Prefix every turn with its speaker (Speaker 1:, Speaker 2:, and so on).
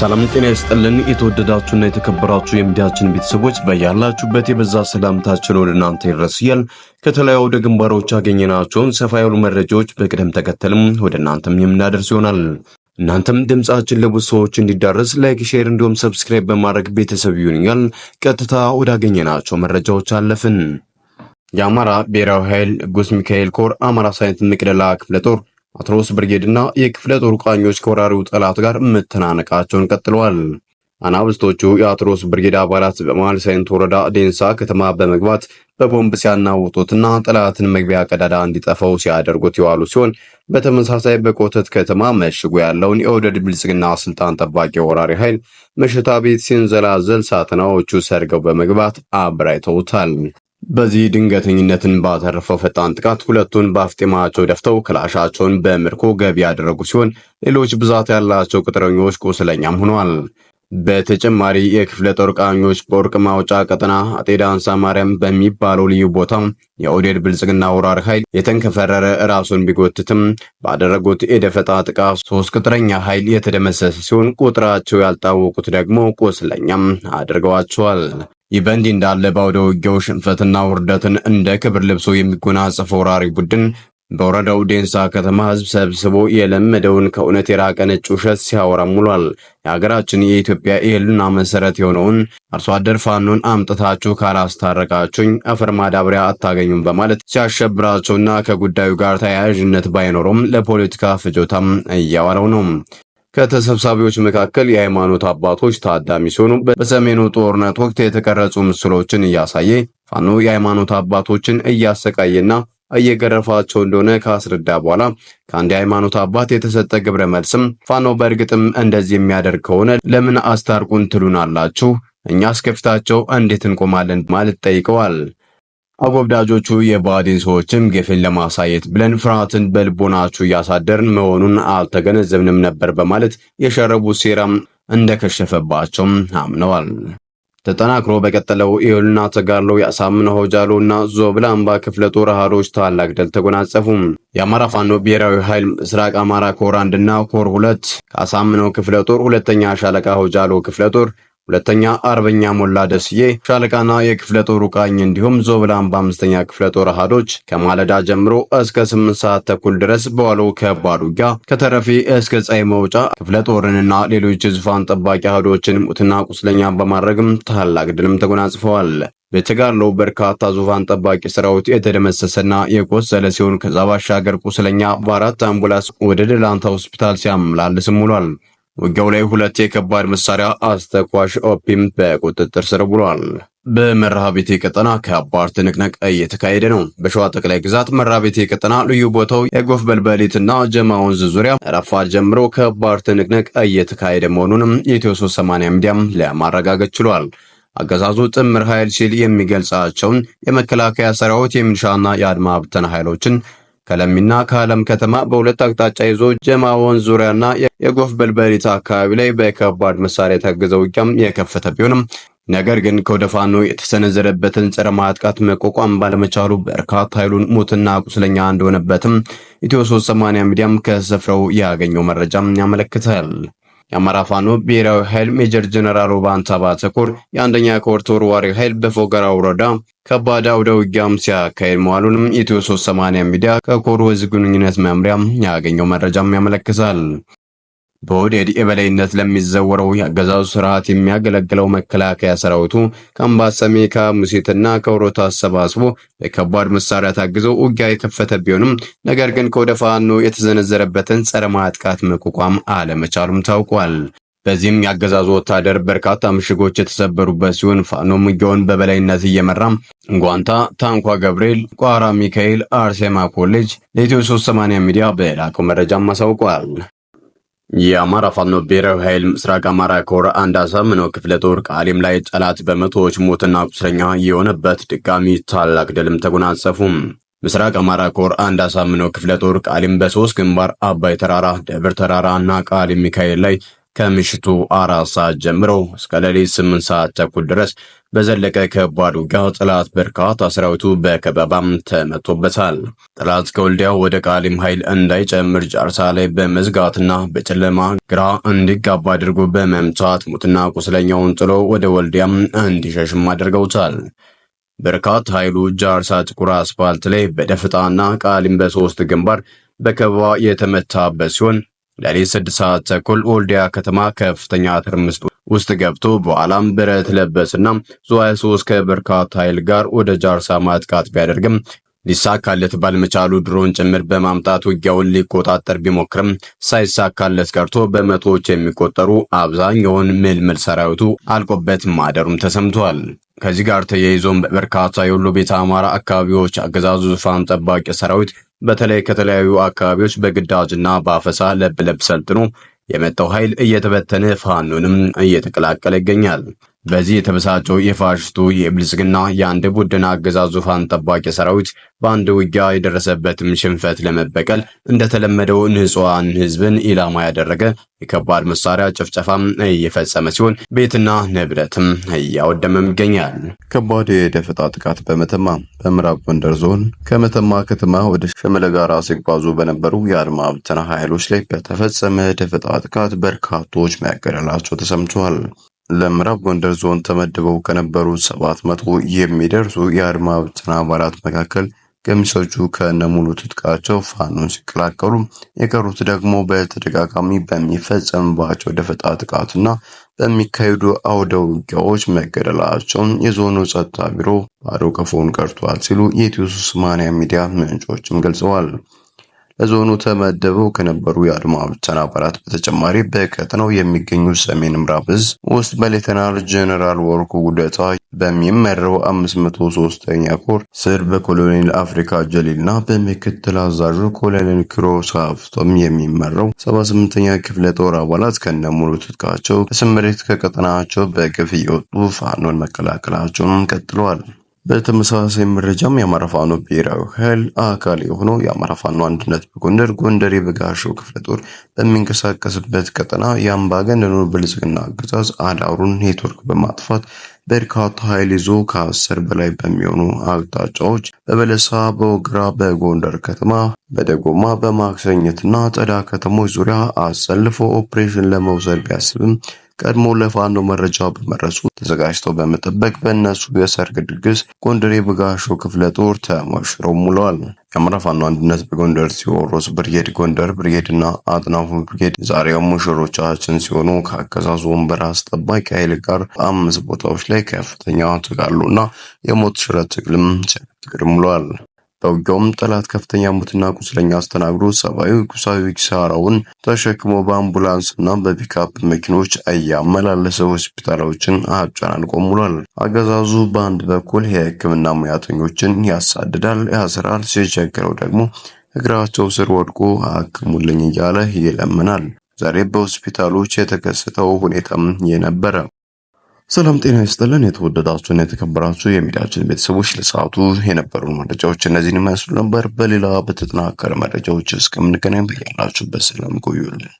Speaker 1: ሰላም ጤና ይስጥልን። የተወደዳችሁና የተከበራችሁ የሚዲያችን ቤተሰቦች በያላችሁበት የበዛ ሰላምታችን ወደ እናንተ ይድረስ እያል ከተለያዩ ወደ ግንባሮች ያገኘናቸውን ሰፋ ያሉ መረጃዎች በቅደም ተከተልም ወደ እናንተም የምናደርስ ይሆናል። እናንተም ድምጻችን ለብዙ ሰዎች እንዲዳረስ ላይክ፣ ሼር እንዲሁም ሰብስክራይብ በማድረግ ቤተሰብ ይሁንኛል። ቀጥታ ወዳገኘናቸው መረጃዎች አለፍን። የአማራ ብሔራዊ ኃይል ጉስ ሚካኤል ኮር አማራ ሳይንት መቅደላ ክፍለ ጦር አትሮስ ብርጌድና የክፍለ ጦር ቃኞች ከወራሪው ጠላት ጋር መተናነቃቸውን ቀጥለዋል። አናብስቶቹ የአትሮስ ብርጌድ አባላት በመሃል ሳይንት ወረዳ ዴንሳ ከተማ በመግባት በቦምብ ሲያናውጡትና ጠላትን መግቢያ ቀዳዳ እንዲጠፋው ሲያደርጉት የዋሉ ሲሆን በተመሳሳይ በቆተት ከተማ መሽጎ ያለውን የኦህዴድ ብልጽግና ስልጣን ጠባቂ ወራሪ ኃይል መሸታ ቤት ሲንዘላዘል ሳተናዎቹ ሰርገው በመግባት አብራይተውታል። በዚህ ድንገተኝነትን ባተረፈው ፈጣን ጥቃት ሁለቱን በአፍጢማቸው ደፍተው ክላሻቸውን በምርኮ ገቢ ያደረጉ ሲሆን ሌሎች ብዛት ያላቸው ቅጥረኞች ቁስለኛም ሆኗል። በተጨማሪ የክፍለ ጦር ቃኞች በወርቅ ማውጫ ቀጠና አጤ ዳንሳ ማርያም በሚባለው ልዩ ቦታ የኦዴድ ብልጽግና ወራር ኃይል የተንከፈረረ ራሱን ቢጎትትም ባደረጉት የደፈጣ ጥቃት ሶስት ቅጥረኛ ኃይል የተደመሰሰ ሲሆን ቁጥራቸው ያልታወቁት ደግሞ ቁስለኛም አድርገዋቸዋል። ይህ በእንዲህ እንዳለ በአውደ ውጊያው ሽንፈትና ውርደትን እንደ ክብር ልብሶ የሚጎናጸፈው ወራሪ ቡድን በወረዳው ዴንሳ ከተማ ህዝብ ሰብስቦ የለመደውን ከእውነት የራቀ ነጭ ውሸት ሲያወራ ሙሏል። የሀገራችን የኢትዮጵያ የህልና መሰረት የሆነውን አርሶ አደር ፋኖን አምጥታችሁ ካላስታረቃችሁኝ አፈር ማዳበሪያ አታገኙም በማለት ሲያሸብራቸውና ከጉዳዩ ጋር ተያያዥነት ባይኖረውም ለፖለቲካ ፍጆታም እያዋለው ነው። ከተሰብሳቢዎች መካከል የሃይማኖት አባቶች ታዳሚ ሲሆኑ በሰሜኑ ጦርነት ወቅት የተቀረጹ ምስሎችን እያሳየ ፋኖ የሃይማኖት አባቶችን እያሰቃየና እየገረፋቸው እንደሆነ ካስረዳ በኋላ ከአንድ የሃይማኖት አባት የተሰጠ ግብረ መልስም ፋኖ በእርግጥም እንደዚህ የሚያደርግ ከሆነ ለምን አስታርቁን ትሉናላችሁ? እኛ አስከፍታቸው እንዴት እንቆማለን? ማለት ጠይቀዋል። አጎብዳጆቹ የባዕድን ሰዎችም ግፍን ለማሳየት ብለን ፍርሃትን በልቦናችሁ እያሳደርን መሆኑን አልተገነዘብንም ነበር በማለት የሸረቡት ሴራም እንደከሸፈባቸውም አምነዋል። ተጠናክሮ በቀጠለው የህልውና ተጋድሎ ያሳምነ ሆጃሎ እና ዞብላ አምባ ክፍለ ጦር አሃዶች ታላቅ ድል ተጎናጸፉ። የአማራ ፋኖ ብሔራዊ ኃይል ምስራቅ አማራ ኮር አንድና ኮር ሁለት ከአሳምነው ክፍለ ጦር ሁለተኛ ሻለቃ ሆጃሎ ክፍለ ጦር ሁለተኛ አርበኛ ሞላ ደስዬ ሻለቃና የክፍለ ጦሩ ቃኝ እንዲሁም ዞብላም በአምስተኛ ክፍለ ጦር አሃዶች ከማለዳ ጀምሮ እስከ ስምንት ሰዓት ተኩል ድረስ በዋለው ከባድ ውጊያ ከተረፌ እስከ ፀሐይ መውጫ ክፍለ ጦርንና ሌሎች ዙፋን ጠባቂ አሃዶችን ሙትና ቁስለኛ በማድረግም ታላቅ ድልም ተጎናጽፈዋል። በተጋድሎው በርካታ ዙፋን ጠባቂ ሰራዊት የተደመሰሰና የቆሰለ ሲሆን ከዛ ባሻገር ቁስለኛ በአራት አምቡላንስ ወደ ደላንታ ሆስፒታል ሲያመላልስም ውሏል። ውጊያው ላይ ሁለት የከባድ መሳሪያ አስተኳሽ ኦፒም በቁጥጥር ስር ውሏል። በመርሃ ቤቴ ቀጠና ከባድ ትንቅንቅ እየተካሄደ ነው። በሸዋ ጠቅላይ ግዛት መርሃ ቀጠና ልዩ ቦታው የጎፍ በልበሊትና ጀማ ወንዝ ዙሪያ ረፋድ ጀምሮ ከባድ ትንቅንቅ እየተካሄደ መሆኑንም የኢትዮ 380 ሚዲያም ለማረጋገጥ ችሏል። አገዛዙ ጥምር ኃይል ሲል የሚገልጻቸውን የመከላከያ ሰራዊት የሚሊሻና የአድማ ብተና ኃይሎችን ከለሚና ከአለም ከተማ በሁለት አቅጣጫ ይዞ ጀማ ወንዝ ዙሪያና የጎፍ በልበሊት አካባቢ ላይ በከባድ መሳሪያ የታገዘ ውጊያም የከፈተ ቢሆንም ነገር ግን ከወደ ፋኖ የተሰነዘረበትን ጸረ ማጥቃት መቋቋም ባለመቻሉ በርካታ ኃይሉን ሞትና ቁስለኛ እንደሆነበትም ኢትዮ 380 ሚዲያም ከስፍራው ያገኘው መረጃም ያመለክታል። የአማራ ፋኖ ብሔራዊ ኃይል ሜጀር ጀነራል ሮባንታ ባተኮር የአንደኛ ኮር ተወርዋሪ ኃይል በፎገራ ወረዳ ከባድ አውደ ውጊያም ሲያካሄድ መዋሉንም ኢትዮ 380 ሚዲያ ከኮሩ ግንኙነት መምሪያም ያገኘው መረጃም ያመለክታል። በወደድ የበላይነት ለሚዘወረው የአገዛዙ ስርዓት የሚያገለግለው መከላከያ ሰራዊቱ ከአምባሰሜ ከሙሴትና ከወሮታ አሰባስቦ በከባድ መሳሪያ ታግዞ ውጊያ የከፈተ ቢሆንም ነገር ግን ከወደ ፋኖ የተዘነዘረበትን ጸረ ማጥቃት መቋቋም አለመቻሉም ታውቋል። በዚህም የአገዛዙ ወታደር በርካታ ምሽጎች የተሰበሩበት ሲሆን ፋኖ ውጊያውን በበላይነት እየመራ ጓንታ፣ ታንኳ ገብርኤል፣ ቋራ ሚካኤል፣ አርሴማ ኮሌጅ ለኢትዮ 380 ሚዲያ በላከው መረጃም አሳውቋል። የአማራ ፋኖ ብሔራዊ ኃይል ምስራቅ አማራ ኮር አንድ አሳምነው ክፍለ ጦር ቃሊም ላይ ጠላት በመቶዎች ሞትና ቁስለኛ የሆነበት ድጋሚ ታላቅ ድልም ተጎናጸፉም። ምስራቅ አማራ ኮር አንድ አሳምነው ክፍለ ጦር ቃሊም በሶስት ግንባር አባይ ተራራ፣ ደብር ተራራ እና ቃሊም ሚካኤል ላይ ከምሽቱ አራት ሰዓት ጀምሮ እስከ ሌሊት ስምንት ሰዓት ተኩል ድረስ በዘለቀ ከባድ ውጊያ ጠላት በርካታ ሰራዊቱ በከበባም ተመቶበታል። ጠላት ከወልዲያው ወደ ቃሊም ኃይል እንዳይጨምር ጃርሳ ላይ በመዝጋትና በጨለማ ግራ እንዲጋባ አድርጎ በመምታት ሙትና ቁስለኛውን ጥሎ ወደ ወልዲያም እንዲሸሽም አድርገውታል። በርካታ ኃይሉ ጃርሳ ጥቁር አስፋልት ላይ በደፍጣና ቃሊም በሶስት ግንባር በከበባ የተመታበት ሲሆን ለሌት ስድስት ሰዓት ተኩል ወልዲያ ከተማ ከፍተኛ ትርምስት ውስጥ ገብቶ በኋላም ብረት ለበስና ዙዋይ 23 ከበርካታ ኃይል ጋር ወደ ጃርሳ ማጥቃት ቢያደርግም ሊሳካለት ባልመቻሉ ድሮን ጭምር በማምጣት ውጊያውን ሊቆጣጠር ቢሞክርም ሳይሳካለት ቀርቶ በመቶዎች የሚቆጠሩ አብዛኛውን ምልምል ሰራዊቱ አልቆበት ማደሩም ተሰምቷል። ከዚህ ጋር ተያይዞም በበርካታ የወሎ ቤተ አማራ አካባቢዎች አገዛዙ ዙፋን ጠባቂ ሰራዊት በተለይ ከተለያዩ አካባቢዎች በግዳጅና በአፈሳ ለብ ለብ ሰልጥኖ የመጣው ኃይል እየተበተነ ፋኖንም እየተቀላቀለ ይገኛል። በዚህ የተበሳጨው የፋሽስቱ የብልጽግና የአንድ ቡድን አገዛዝ ዙፋን ጠባቂ ሰራዊት በአንድ ውጊያ የደረሰበትም ሽንፈት ለመበቀል እንደተለመደው ንጹሐን ህዝብን ኢላማ ያደረገ የከባድ መሳሪያ ጭፍጨፋም እየፈጸመ ሲሆን ቤትና ንብረትም እያወደመም ይገኛል። ከባድ የደፈጣ ጥቃት በመተማ በምዕራብ ጎንደር ዞን ከመተማ ከተማ ወደ ሸመለ ጋራ ሲጓዙ በነበሩ የአድማ ብተና ኃይሎች ላይ በተፈጸመ ደፈጣ ጥቃት በርካቶች መገደላቸው ተሰምተዋል። ለምዕራብ ጎንደር ዞን ተመድበው ከነበሩ ሰባት መቶ የሚደርሱ የአድማ ብተና አባላት መካከል ገሚሶቹ ከነሙሉ ትጥቃቸው ፋኖን ሲቀላቀሉ የቀሩት ደግሞ በተደጋጋሚ በሚፈጸምባቸው ደፈጣ ጥቃትና በሚካሄዱ አውደ ውጊያዎች መገደላቸውን የዞኑ ጸጥታ ቢሮ ባዶ ቀፎውን ቀርቷል ሲሉ የኢትዮ ሶስት ሰማንያ ሚዲያ ምንጮችም ገልጸዋል። እዞኑ ተመደበው ከነበሩ የአድማ ብተና አባላት በተጨማሪ በቀጠናው የሚገኙ ሰሜን ምዕራብ እዝ ውስጥ በሌተናል ጀነራል ወርቁ ጉደታ በሚመራው 503ኛ ኮር ስር በኮሎኔል አፍሪካ ጀሊል እና በምክትል አዛዡ ኮሎኔል ክሮስ ሀፍቶም የሚመራው 78ኛ ክፍለ ጦር አባላት ከነሙሉ ትጥቃቸው ስምሪት ከቀጠናቸው በግፍ የወጡ ፋኖን መቀላቀላቸውን ቀጥለዋል። በተመሳሳይ መረጃም የአማራ ፋኖ ብሔራዊ ኃይል አካል የሆነው የአማራ ፋኖ አንድነት በጎንደር ጎንደር የበጋሸው ክፍለ ጦር በሚንቀሳቀስበት ቀጠና የአምባገነኑ ብልጽግና አገዛዝ አዳሩን ኔትወርክ በማጥፋት በርካታ ኃይል ይዞ ከአስር በላይ በሚሆኑ አቅጣጫዎች በበለሳ፣ በወግራ፣ በጎንደር ከተማ፣ በደጎማ፣ በማክሰኝትና ጠዳ ከተሞች ዙሪያ አሰልፎ ኦፕሬሽን ለመውሰድ ቢያስብም ቀድሞ ለፋኖ መረጃ በመድረሱ ተዘጋጅተው በመጠበቅ በእነሱ የሰርግ ድግስ ጎንደር ብጋሾ ክፍለ ጦር ተሞሽሮ ሙለዋል። የአማራ ፋኖ አንድነት በጎንደር ቴዎድሮስ ብርጌድ፣ ጎንደር ብርጌድና አጥናፉ ብርጌድ ዛሬው ሙሽሮቻችን ሲሆኑ ከአገዛዙ ወንበር አስጠባቂ ኃይል ጋር በአምስት ቦታዎች ላይ ከፍተኛ እና የሞት ሽረት ትግልም ሲያደርግ ሙለዋል። በውጊያውም ጠላት ከፍተኛ ሙትና ቁስለኛ አስተናግዶ ሰብአዊ ቁሳዊ ኪሳራውን ተሸክሞ በአምቡላንስና በፒካፕ መኪኖች እያመላለሰ ሆስፒታሎችን አጨናንቆ ሙሏል። አገዛዙ በአንድ በኩል የሕክምና ሙያተኞችን ያሳድዳል፣ ያስራል፣ ሲቸገረው ደግሞ እግራቸው ስር ወድቆ አክሙልኝ እያለ ይለምናል። ዛሬ በሆስፒታሎች የተከሰተው ሁኔታም የነበረ ሰላም ጤና ይስጥልን። የተወደዳችሁና የተከበራችሁ የሚዲያችን ቤተሰቦች ለሰዓቱ የነበሩ መረጃዎች እነዚህን ይመስሉ ነበር። በሌላ በተጠናከረ መረጃዎች እስከምንገናኝ በያላችሁበት ሰላም ቆዩልን።